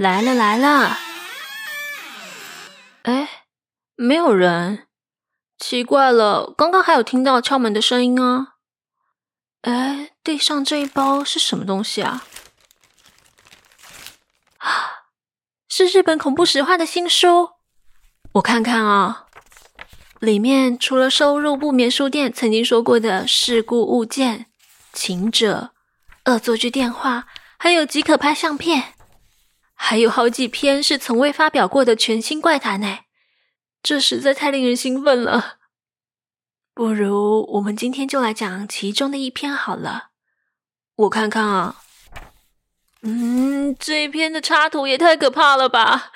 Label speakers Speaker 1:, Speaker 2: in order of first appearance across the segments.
Speaker 1: 來了來了！哎，沒有人，奇怪了，剛剛還有聽到敲門的聲音啊！哎，地上這一包是什麼東西啊？啊，是日本恐怖實話的新書，我看看啊，裡面除了收入不眠書店曾經說過的事故物件、情者、惡作劇電話，還有即可拍相片。還有好幾篇是從未發表過的全新怪談呢，這實在太令人興奮了。不如我們今天就來講其中的一篇好了。我看看啊，嗯，這一篇的插圖也太可怕了吧？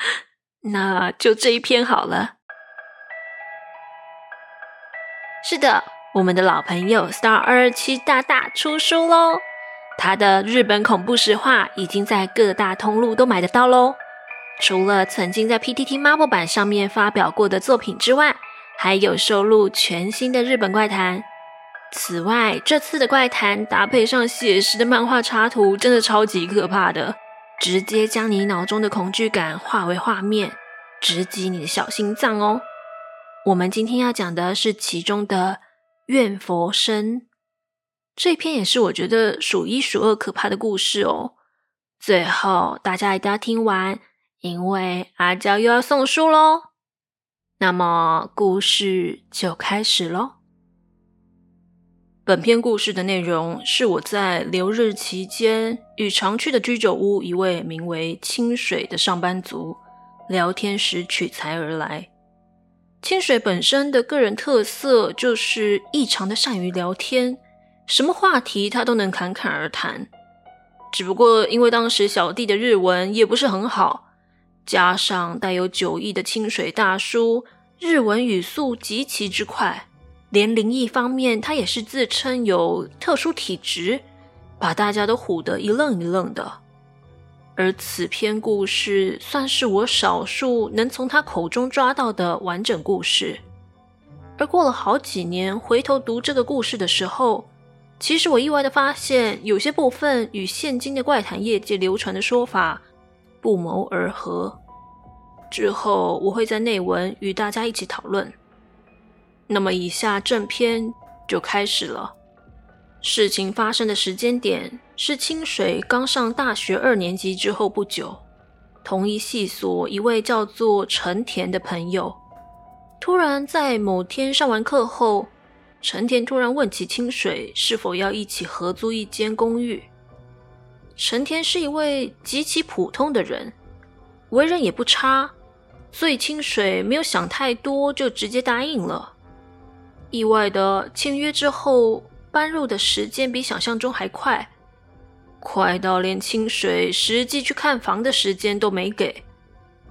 Speaker 1: 那就這一篇好了。是的，我們的老朋友 Star 227大大出書嘍。他的日本恐怖實話已經在各大通路都買得到嘍。除了曾經在 PTT Marvel 版上面發表過的作品之外，還有收錄全新的日本怪談。此外，這次的怪談搭配上寫實的漫畫插圖，真的超級可怕的，直接將你腦中的恐懼感化為畫面，直擊你的小心臟哦。我們今天要講的是其中的怨佛聲。這篇也是我覺得數一數二可怕的故事哦。最後，大家一定要聽完，因為阿嬌又要送書嘍。那麼，故事就開始嘍。本篇故事的內容是我在留日期間與常去的居酒屋一位名為清水的上班族聊天時取材而來。清水本身的個人特色就是異常的善於聊天。什麼話題他都能侃侃而談，只不過因為當時小弟的日文也不是很好，加上帶有酒意的清水大叔日文語速極其之快，連靈異方面他也是自稱有特殊體質，把大家都唬得一愣一愣的。而此篇故事算是我少數能從他口中抓到的完整故事。而過了好幾年，回頭讀這個故事的時候，其實我意外地發現，有些部分與現今的怪談業界流傳的說法不謀而合。之後我會在內文與大家一起討論。那麼，以下正片就開始了。事情發生的時間點是清水剛上大學二年級之後不久，同一系所一位叫做成田的朋友，突然在某天上完課後。成田突然問起清水是否要一起合租一間公寓。成田是一位極其普通的人，為人也不差，所以清水沒有想太多，就直接答應了。意外的，簽約之後，搬入的時間比想象中還快，快到連清水實際去看房的時間都沒給。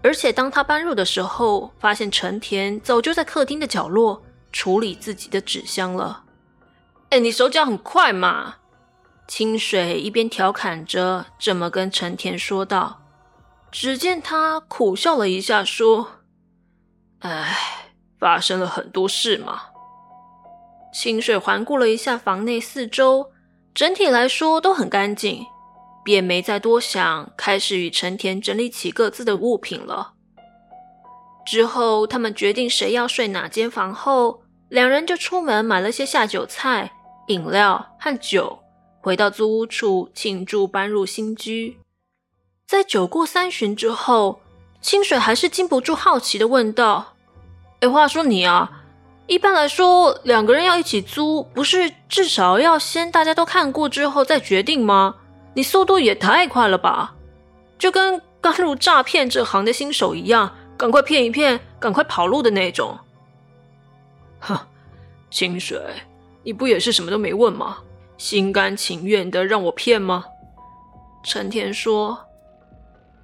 Speaker 1: 而且當他搬入的時候，發現成田早就在客廳的角落。處理自己的紙箱了。哎，你手腳很快嘛！清水一邊調侃着，這麼跟成田說道。只見他苦笑了一下，說：“哎，發生了很多事嘛。”清水環顧了一下房內四周，整體來說都很乾淨，便沒再多想，開始與成田整理起各自的物品了。之後，他們決定誰要睡哪間房後，兩人就出門買了些下酒菜、飲料和酒，回到租屋處慶祝搬入新居。在酒過三巡之後，清水還是禁不住好奇地問道：“哎，話說你啊，一般來說兩個人要一起租，不是至少要先大家都看過之後再決定嗎？你速度也太快了吧，就跟剛入詐騙這行的新手一樣，趕快騙一騙，趕快跑路的那種。”哼，清水，你不也是什麼都沒問嗎？心甘情願的讓我騙嗎？成田說：“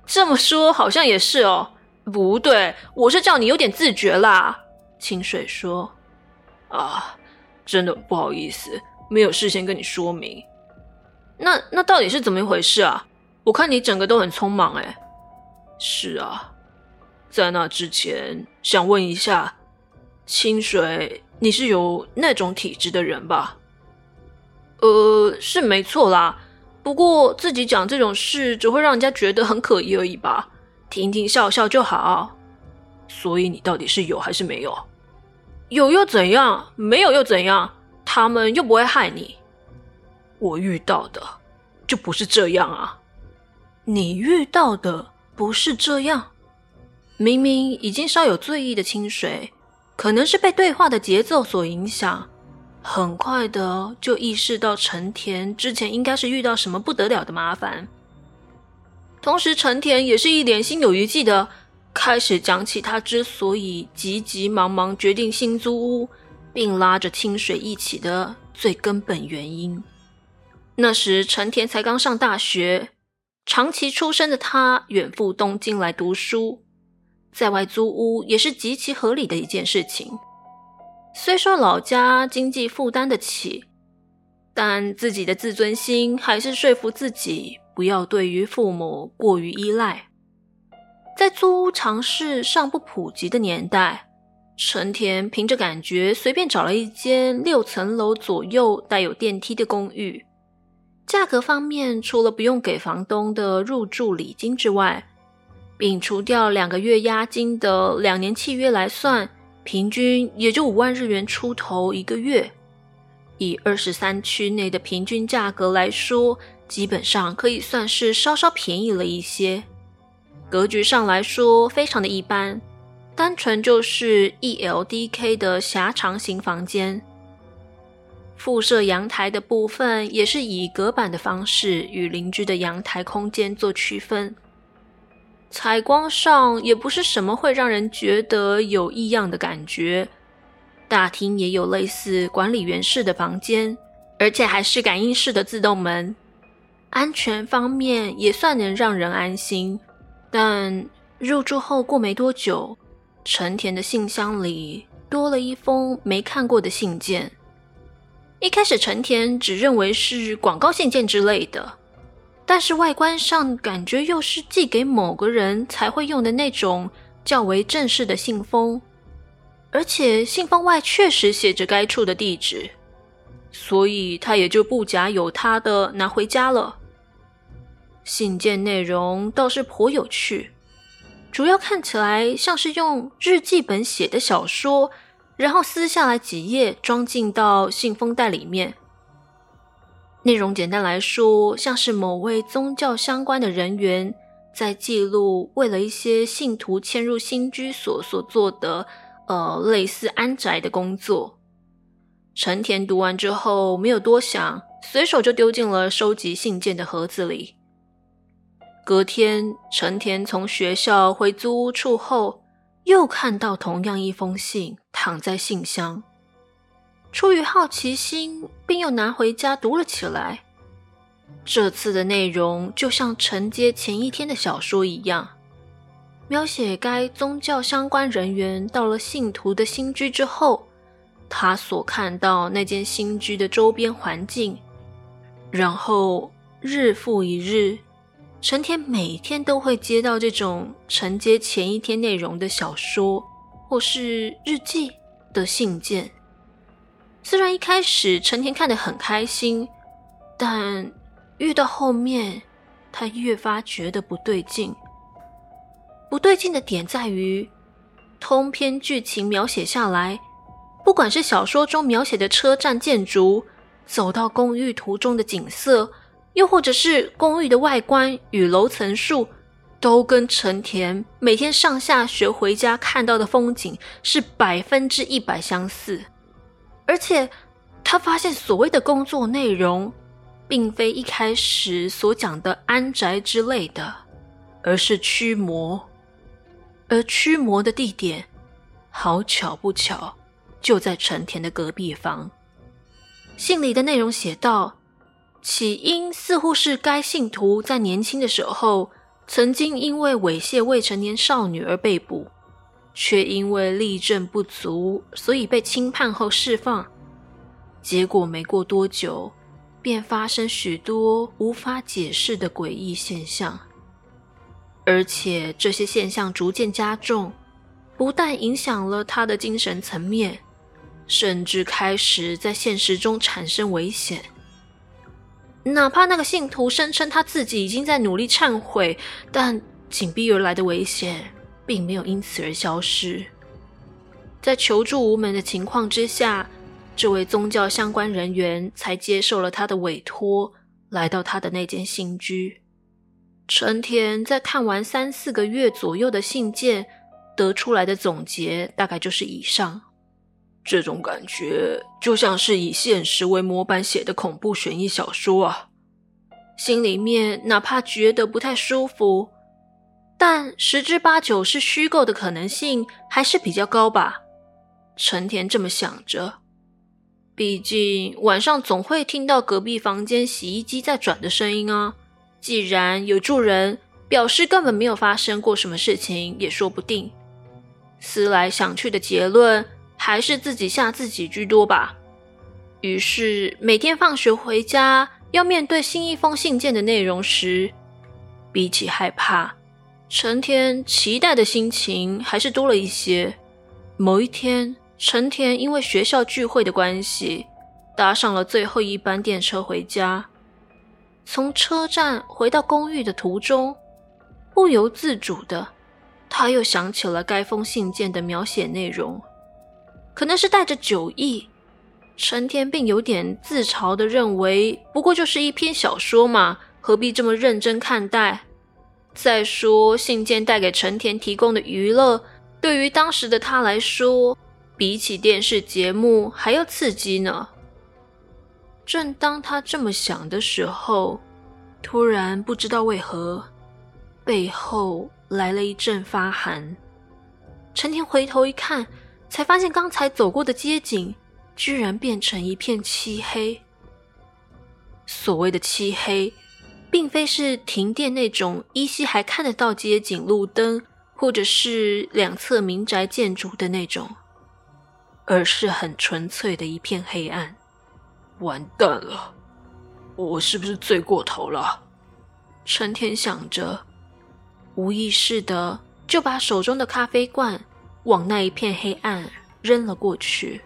Speaker 1: 這麼說好像也是哦，不對，我是叫你有點自覺啦。”清水說：“啊，真的不好意思，沒有事先跟你說明。那那到底是怎麼一回事啊？我看你整個都很匆忙、欸，誒。是啊，在那之前想問一下。”清水，你是有那種體質的人吧？呃，是沒錯啦。不過自己講這種事，只會讓人家覺得很可疑而已吧。聽聽笑笑就好。所以你到底是有還是沒有？有又怎樣？沒有又怎樣？他們又不會害你。我遇到的就不是這樣啊！你遇到的不是這樣？明明已經稍有醉意的清水。可能是被對話的節奏所影響，很快的就意識到成田之前應該是遇到什麼不得了的麻煩。同時，成田也是一臉心有餘悸的開始講起他之所以急急忙忙決定新租屋，並拉着清水一起的最根本原因。那時，成田才剛上大學，長崎出生的他遠赴東京來讀書。在外租屋也是極其合理的一件事情。雖說老家經濟負擔得起，但自己的自尊心還是說服自己不要對於父母過於依賴。在租屋常識尚不普及的年代，成田憑着感覺隨便找了一間六層樓左右、帶有電梯的公寓。價格方面，除了不用給房東的入住禮金之外，並除掉兩個月押金的兩年契約來算，平均也就五萬日元出頭一個月。以二十三區內的平均價格來說，基本上可以算是稍稍便宜了一些。格局上來說非常的一般，單純就是 ELDK 的狹長型房間，附設陽台的部分也是以隔板的方式與鄰居的陽台空間做區分。採光上也不是什麼會讓人覺得有異樣的感覺，大廳也有類似管理員室的房間，而且還是感應式的自動門。安全方面也算能讓人安心，但入住後過沒多久，成田的信箱裡多了一封沒看過的信件。一開始，成田只認為是廣告信件之類的。但是外觀上感覺又是寄給某個人才會用的那種較為正式的信封，而且信封外確實寫着該處的地址，所以他也就不假有他的拿回家了。信件內容倒是頗有趣，主要看起來像是用日記本寫的小說，然後撕下來幾頁裝進到信封袋裡面。內容簡單來說，像是某位宗教相關的人員在記錄為了一些信徒遷入新居所所做的，呃，類似安宅的工作。成田讀完之後沒有多想，隨手就丟進了收集信件的盒子裡。隔天，成田從學校回租屋處後，又看到同樣一封信躺在信箱。出於好奇心，並又拿回家讀了起來。這次的內容就像承接前一天的小說一樣，描寫該宗教相關人員到了信徒的新居之後，他所看到那間新居的周邊環境。然後日復一日，成田每天都會接到這種承接前一天內容的小說或是日記的信件。雖然一開始成田看得很開心，但越到後面，他越發覺得不對勁。不對勁的點在於，通篇劇情描寫下來，不管是小說中描寫的車站建築、走到公寓途中的景色，又或者是公寓的外觀與樓層數，都跟成田每天上下學回家看到的風景是百分之一百相似。而且，他發現所謂的工作內容，並非一開始所講的安宅之類的，而是驅魔。而驅魔的地點，好巧不巧，就在成田的隔壁房。信裡的內容寫道，起因似乎是該信徒在年輕的時候，曾經因為猥褻未成年少女而被捕。卻因為立證不足，所以被輕判後釋放。結果沒過多久，便發生許多無法解釋的詭異現象，而且這些現象逐漸加重，不但影響了他的精神層面，甚至開始在現實中產生危險。哪怕那個信徒聲稱他自己已經在努力懺悔，但緊逼而來的危險。並沒有因此而消失。在求助無門的情況之下，這位宗教相關人員才接受了他的委託，來到他的那間新居。成田在看完三四個月左右的信件，得出來的總結大概就是以上。這種感覺就像是以現實為模板寫的恐怖懸疑小說啊。心裡面哪怕覺得不太舒服。但十之八九是虛構的可能性還是比較高吧。成田這麼想着，畢竟晚上總會聽到隔壁房間洗衣機在轉的聲音啊。既然有住人，表示根本沒有發生過什麼事情也說不定。思來想去的結論，還是自己嚇自己居多吧。於是每天放學回家要面對新一封信件的內容時，比起害怕。成田期待的心情還是多了一些。某一天，成田因為學校聚會的關係，搭上了最後一班電車回家。從車站回到公寓的途中，不由自主的，他又想起了該封信件的描寫內容。可能是帶着酒意，成田並有點自嘲的認為，不過就是一篇小說嘛，何必這麼認真看待？再說，信件帶給陳田提供的娛樂，對於當時的他來說，比起電視節目還要刺激呢。正當他這麼想的時候，突然不知道為何，背後來了一陣發寒。陳田回頭一看，才發現剛才走過的街景，居然變成一片漆黑。所謂的漆黑。並非是停電那種依稀還看得到街景路燈，或者是兩側民宅建築的那種，而是很純粹的一片黑暗。完蛋了，我是不是醉過頭了？成天想着，無意識的就把手中的咖啡罐往那一片黑暗扔了過去。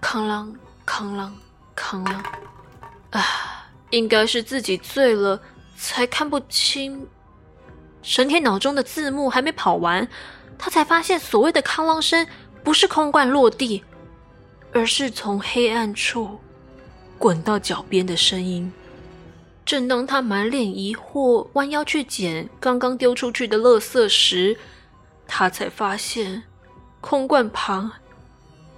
Speaker 1: 哐啷、哐啷、哐啷，啊！應該是自己醉了，才看不清。神田腦中的字幕還沒跑完，他才發現所謂的“哐啷聲”不是空罐落地，而是從黑暗處滾到腳邊的聲音。正當他滿臉疑惑，彎腰去撿剛剛丟出去的垃圾時，他才發現空罐旁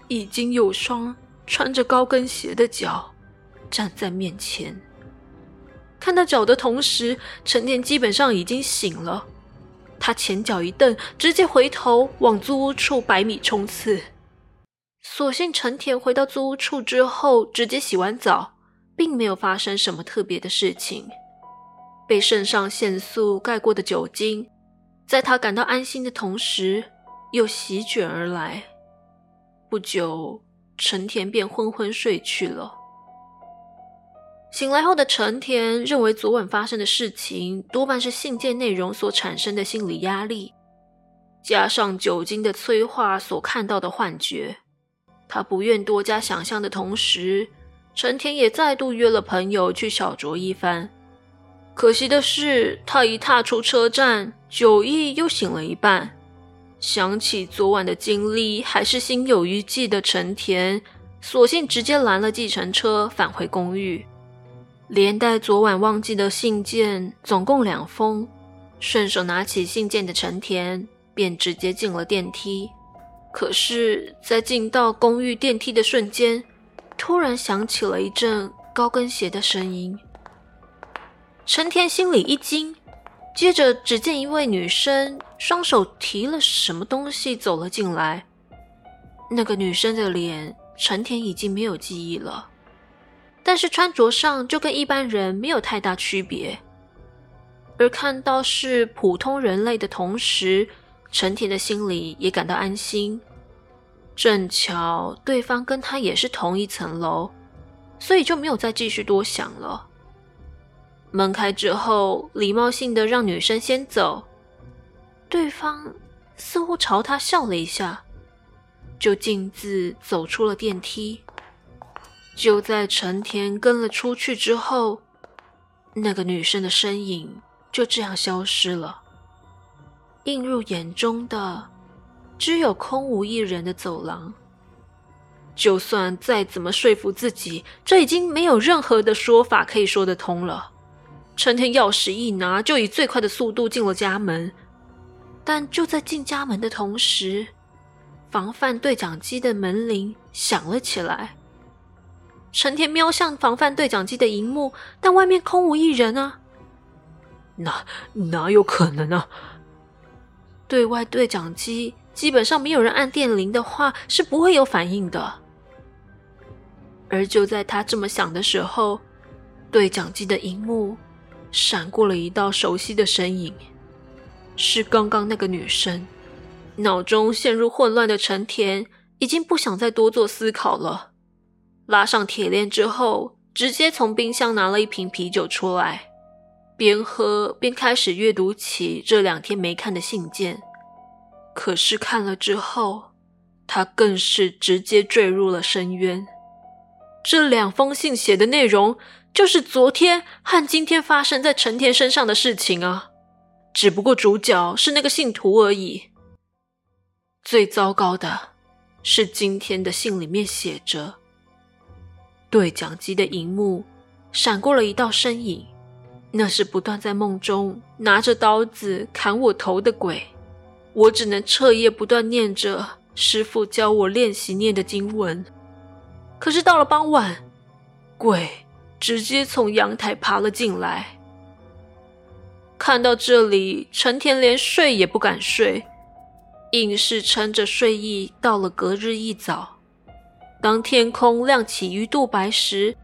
Speaker 1: 已經有雙穿着高跟鞋的腳站在面前。看到腳的同時，陳田基本上已經醒了。他前腳一蹬，直接回頭往租屋處百米衝刺。所幸陳田回到租屋處之後，直接洗完澡，並沒有發生什麼特別的事情。被腎上腺素蓋過的酒精，在他感到安心的同時，又席捲而來。不久，陳田便昏昏睡去了。醒來後的陳田認為，昨晚發生的事情多半是信件內容所產生的心理壓力，加上酒精的催化所看到的幻覺。他不願多加想象的同時，陳田也再度約了朋友去小酌一番。可惜的是，他一踏出車站，酒意又醒了一半，想起昨晚的經歷，還是心有餘悸的陳田，索性直接攔了計程車返回公寓。連帶昨晚忘記的信件，總共兩封。順手拿起信件的陳田，便直接進了電梯。可是，在進到公寓電梯的瞬間，突然響起了一陣高跟鞋的聲音。陳田心裡一驚，接着只見一位女生雙手提了什麼東西走了進來。那個女生的臉，陳田已經沒有記憶了。但是穿着上就跟一般人沒有太大區別，而看到是普通人類的同時，陳天的心裡也感到安心。正巧對方跟他也是同一層樓，所以就沒有再繼續多想了。門開之後，禮貌性的讓女生先走，對方似乎朝他笑了一下，就徑自走出了電梯。就在成田跟了出去之後，那個女生的身影就這樣消失了。映入眼中的只有空無一人的走廊。就算再怎麼說服自己，這已經沒有任何的說法可以說得通了。成田鑰匙一拿，就以最快的速度進了家門。但就在進家門的同時，防範對講機的門鈴響了起來。成田瞄向防範對講機的熒幕但外面空無一人啊！哪哪有可能啊？對外對講機基本上沒有人按電鈴的話，是不會有反應的。而就在他這麼想的時候，對講機的熒幕閃過了一道熟悉的身影，是剛剛那個女生。腦中陷入混亂的成田，已經不想再多做思考了。拉上鐵鏈之後，直接從冰箱拿了一瓶啤酒出來，邊喝邊開始閱讀起這兩天沒看的信件。可是看了之後，他更是直接墜入了深淵。這兩封信寫的內容，就是昨天和今天發生在成田身上的事情啊，只不過主角是那個信徒而已。最糟糕的是，今天的信裡面寫着。對講機的熒幕閃過了一道身影，那是不斷在夢中拿着刀子砍我頭的鬼。我只能徹夜不斷念着師父教我練習念的經文。可是到了傍晚，鬼直接從陽台爬了進來。看到這裡，成田連睡也不敢睡，硬是撐着睡意到了隔日一早。當天空亮起魚肚白時，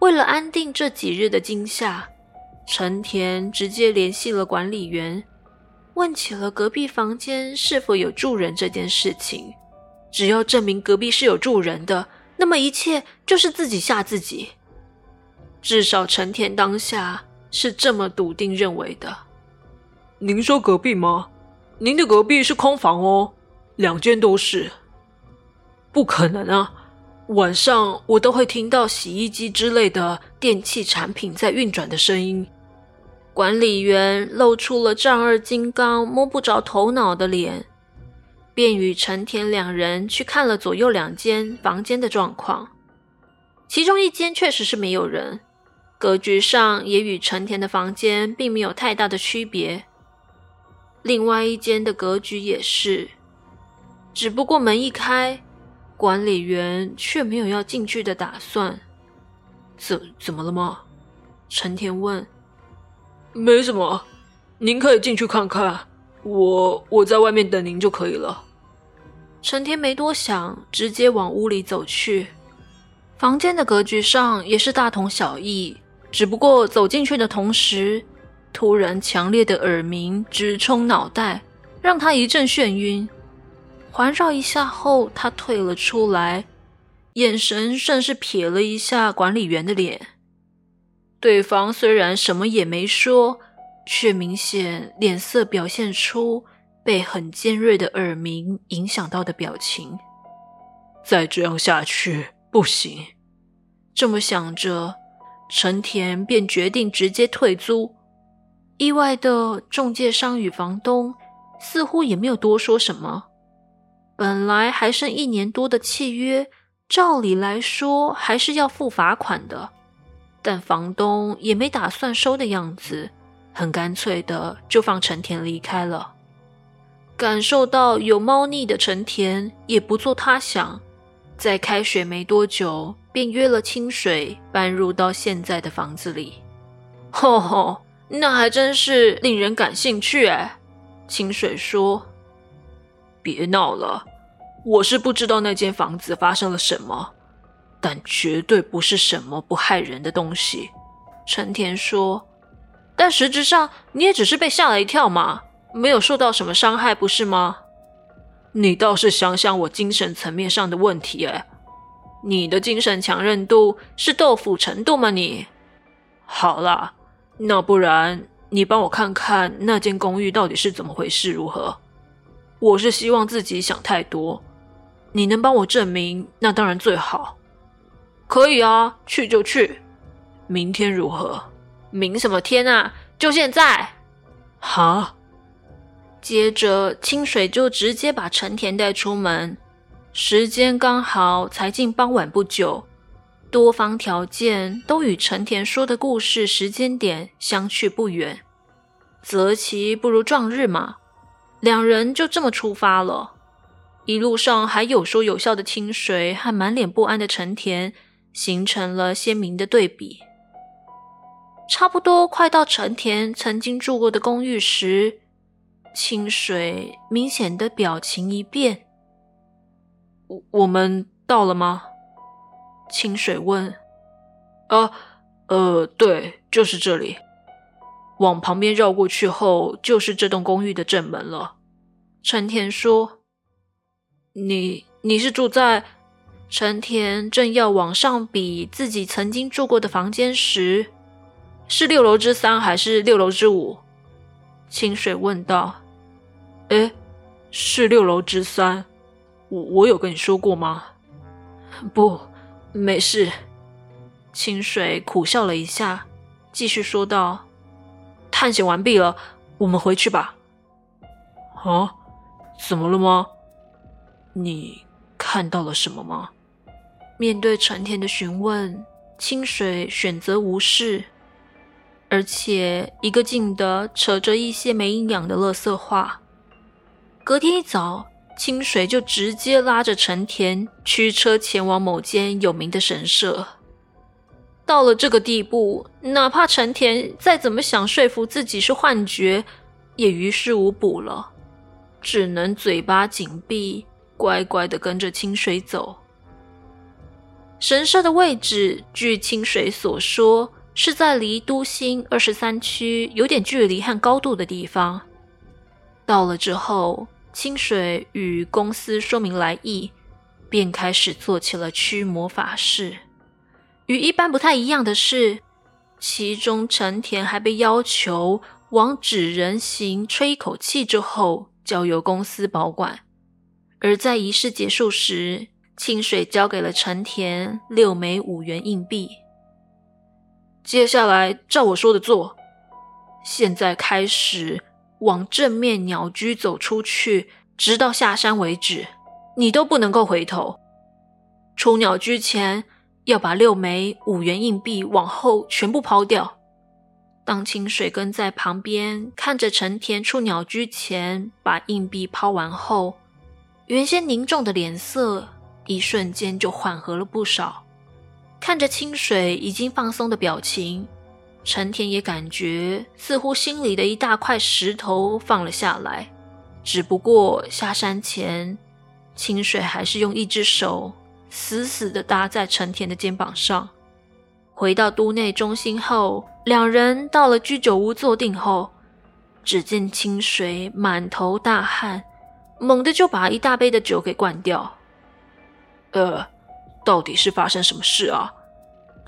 Speaker 1: 為了安定這幾日的驚嚇，陳田直接聯繫了管理員，問起了隔壁房間是否有住人這件事情。只要證明隔壁是有住人的，那麼一切就是自己嚇自己。至少陳田當下是這麼篤定認為的。您說隔壁嗎？您的隔壁是空房哦，兩間都是。不可能啊！晚上我都會聽到洗衣機之類的電器產品在運轉的聲音。管理員露出了丈二金剛摸不着頭腦的臉，便與成田兩人去看了左右兩間房間的狀況。其中一間確實是沒有人，格局上也與成田的房間並沒有太大的區別。另外一間的格局也是，只不過門一開。管理員卻沒有要進去的打算。怎怎麼了嗎？成田問。沒什麼，您可以進去看看，我我在外面等您就可以了。成田沒多想，直接往屋裡走去。房間的格局上也是大同小異，只不過走進去的同時，突然強烈的耳鳴直衝腦袋，讓他一陣眩暈。環繞一下後，他退了出來，眼神甚是瞥了一下管理員的臉。對方雖然什麼也沒說，卻明顯臉色表現出被很尖銳的耳鳴影響到的表情。再這樣下去不行。這麼想着，成田便決定直接退租。意外的，仲介商與房東似乎也沒有多說什麼。本來還剩一年多的契約，照理來說還是要付罰款的，但房東也沒打算收的樣子，很乾脆的就放成田離開了。感受到有貓膩的成田也不做他想，在開學沒多久便約了清水搬入到現在的房子裡。吼吼，那還真是令人感興趣哎，清水說。別鬧了，我是不知道那間房子發生了什麼，但絕對不是什麼不害人的東西。成田說：“但實質上你也只是被嚇了一跳嘛，沒有受到什麼傷害，不是嗎？你倒是想想我精神層面上的問題誒，你的精神強韌度是豆腐程度嗎你？你好了，那不然你幫我看看那間公寓到底是怎麼回事，如何？”我是希望自己想太多，你能幫我證明，那當然最好。可以啊，去就去。明天如何？明什麼天啊？就現在。好哈。接着清水就直接把陳田帶出門，時間剛好才進傍晚不久，多方條件都與陳田說的故事時間點相去不遠，擇期不如撞日嘛。兩人就這麼出發了，一路上還有說有笑的清水和滿臉不安的成田形成了鮮明的對比。差不多快到成田曾經住過的公寓時，清水明顯的表情一變。我，我們到了嗎？清水問。呃、啊、呃，對，就是這裡。往旁邊繞過去後，就是這棟公寓的正門了。成田說：“你你是住在……”成田正要往上比自己曾經住過的房間時，是六樓之三還是六樓之五？清水問道。“哎，是六樓之三。我”我我有跟你說過嗎？不，沒事。清水苦笑了一下，繼續說道：“探險完畢了，我們回去吧。”啊。怎麼了嗎？你看到了什麼嗎？面對成田的詢問，清水選擇無視，而且一個勁的扯着一些沒營養的垃圾話。隔天一早，清水就直接拉着成田驅車前往某間有名的神社。到了這個地步，哪怕成田再怎麼想說服自己是幻覺，也於事無補了。只能嘴巴緊閉，乖乖的跟着清水走。神社的位置，據清水所說，是在離都心二十三區有點距離和高度的地方。到了之後，清水與公司說明來意，便開始做起了驅魔法事。與一般不太一樣的是，其中成田還被要求往紙人形吹一口氣之後。交由公司保管。而在儀式結束時，清水交給了成田六枚五元硬幣。接下來，照我說的做。現在開始往正面鳥居走出去，直到下山為止，你都不能夠回頭。出鳥居前，要把六枚五元硬幣往後全部拋掉。當清水跟在旁邊看着成田出鳥居前把硬幣拋完後，原先凝重的臉色一瞬間就緩和了不少。看着清水已經放鬆的表情，成田也感覺似乎心裡的一大塊石頭放了下來。只不過下山前，清水還是用一只手死死地搭在成田的肩膀上。回到都內中心後，兩人到了居酒屋坐定後，只見清水滿頭大汗，猛地就把一大杯的酒給灌掉。呃，到底是發生什麼事啊？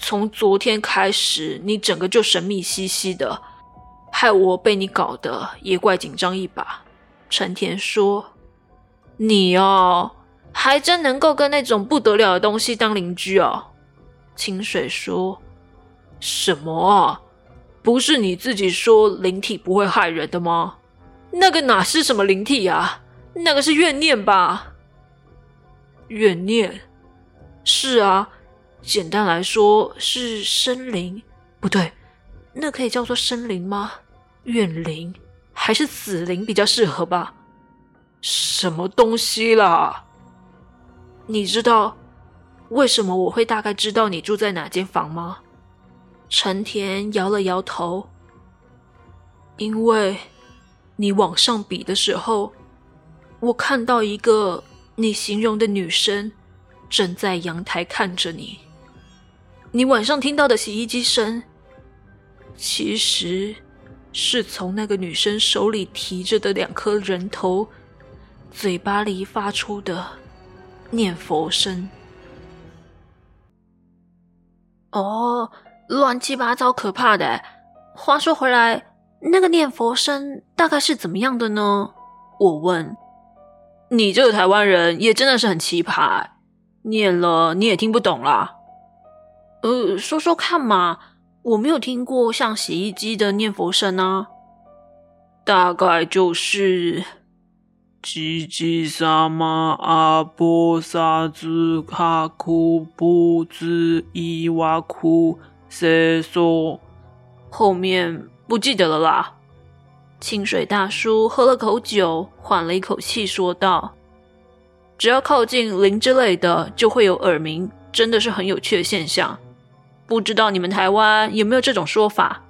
Speaker 1: 從昨天開始，你整個就神秘兮兮的，害我被你搞得也怪緊張一把。陳田說：“你哦，還真能夠跟那種不得了的東西當鄰居哦。”清水說：“什麼啊？不是你自己說靈體不會害人的嗎？那個哪是什麼靈體啊？那個是怨念吧？怨念？是啊，簡單來說是生靈，不對，那可以叫做生靈嗎？怨靈還是死靈比較適合吧？什麼東西啦？你知道？”為什麼我會大概知道你住在哪間房嗎？陳田搖了搖頭。因為，你往上比的時候，我看到一個你形容的女生，正在陽台看着你。你晚上聽到的洗衣機聲，其實是從那個女生手裡提着的兩顆人頭，嘴巴裡發出的念佛聲。哦，oh, 亂七八糟，可怕的。話說回來，那個念佛聲大概是怎麼樣的呢？我問。你這個台灣人也真的是很奇葩，念了你也聽不懂啦。呃，說說看嘛，我沒有聽過像洗衣機的念佛聲啊。大概就是。悉吉薩瑪阿波薩茲卡庫布茲伊瓦庫瑟索，後面不記得了啦。清水大叔喝了口酒，緩了一口氣，說道：“只要靠近靈之類的，就會有耳鳴，真的是很有趣的現象。不知道你們台灣有沒有這種說法？”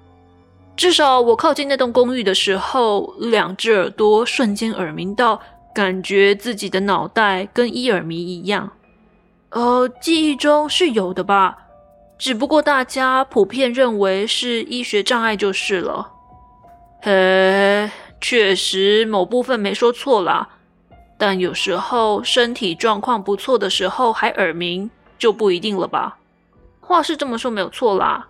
Speaker 1: 至少我靠近那棟公寓的時候，兩隻耳朵瞬間耳鳴到，感覺自己的腦袋跟伊爾迷一樣。呃，記憶中是有的吧？只不過大家普遍認為是醫學障礙就是了。嘿，確實某部分沒說錯啦，但有時候身體狀況不錯的時候還耳鳴，就不一定了吧？話是這麼說沒有錯啦。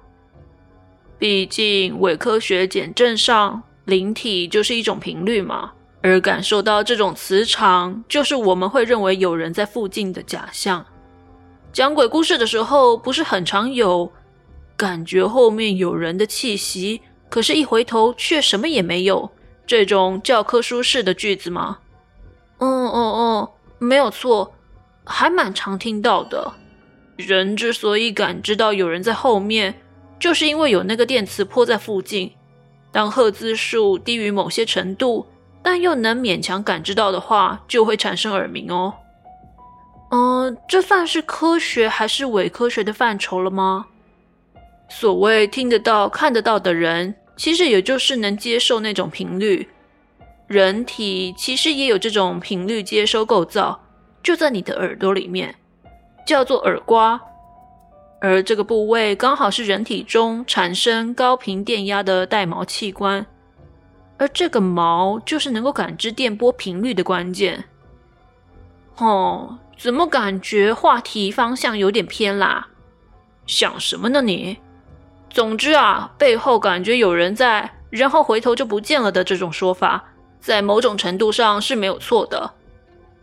Speaker 1: 畢竟，偽科學檢證上，靈體就是一種頻率嘛。而感受到這種磁場，就是我們會認為有人在附近的假象。講鬼故事的時候，不是很常有感覺後面有人的氣息，可是一回頭卻什麼也沒有，這種教科書式的句子嗎？嗯嗯嗯，沒有錯，還蠻常聽到的。人之所以感知到有人在後面。就是因為有那個電磁波在附近，當赫茲數低於某些程度，但又能勉強感知到的話，就會產生耳鳴哦。嗯，這算是科學還是偽科學的範疇了嗎？所謂聽得到、看得到的人，其實也就是能接受那種頻率。人體其實也有這種頻率接收構造，就在你的耳朵裡面，叫做耳蝸。而這個部位剛好是人體中產生高頻電壓的帶毛器官，而這個毛就是能夠感知電波頻率的關鍵。哦，怎麼感覺話題方向有點偏啦？想什麼呢你？總之啊，背後感覺有人在，然後回頭就不見了的這種說法，在某種程度上是沒有錯的。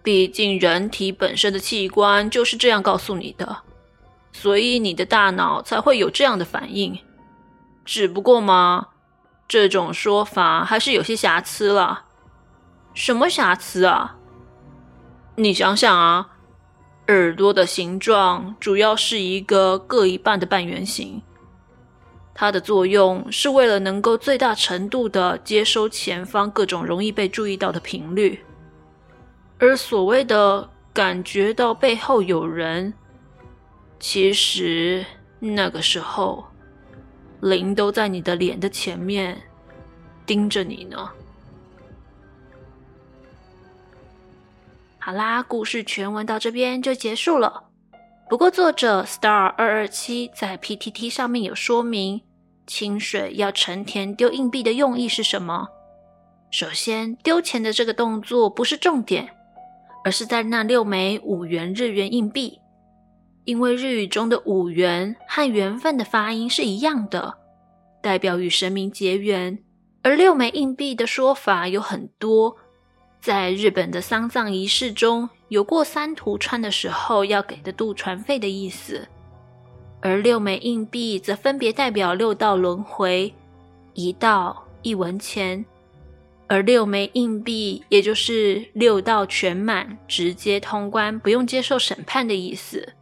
Speaker 1: 畢竟人體本身的器官就是這樣告訴你的。所以你的大腦才會有這樣的反應，只不過嘛，這種說法還是有些瑕疵了。什麼瑕疵啊？你想想啊，耳朵的形狀主要是一個各一半的半圓形，它的作用是為了能夠最大程度的接收前方各種容易被注意到的頻率，而所謂的感覺到背後有人。其實那個時候，靈都在你的臉的前面盯着你呢。好啦，故事全文到這邊就結束了。不過，作者 Star227 在 PTT 上面有說明，清水要成田丟硬幣的用意是什麼？首先，丟錢的這個動作不是重點，而是在那六枚五元日元硬幣。因為日語中的“五元”和“緣分”的發音是一樣的，代表與神明結緣；而六枚硬幣的說法有很多，在日本的喪葬儀式中有過三途川的時候要給的渡船費的意思，而六枚硬幣則分別代表六道輪迴，一道一文錢；而六枚硬幣也就是六道全滿，直接通關，不用接受審判的意思。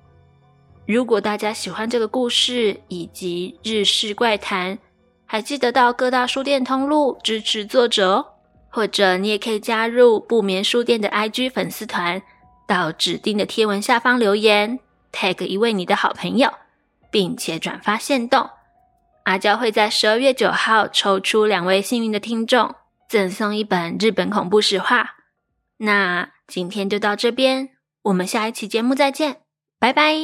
Speaker 1: 如果大家喜歡這個故事以及日式怪談，還記得到各大書店通路支持作者，哦，或者你也可以加入不眠書店的 IG 粉絲團，到指定的貼文下方留言，tag 一位你的好朋友，並且轉發限動。阿嬌會在十二月九號抽出兩位幸運的聽眾，贈送一本日本恐怖實話。那今天就到這邊，我們下一期節目再見，拜拜。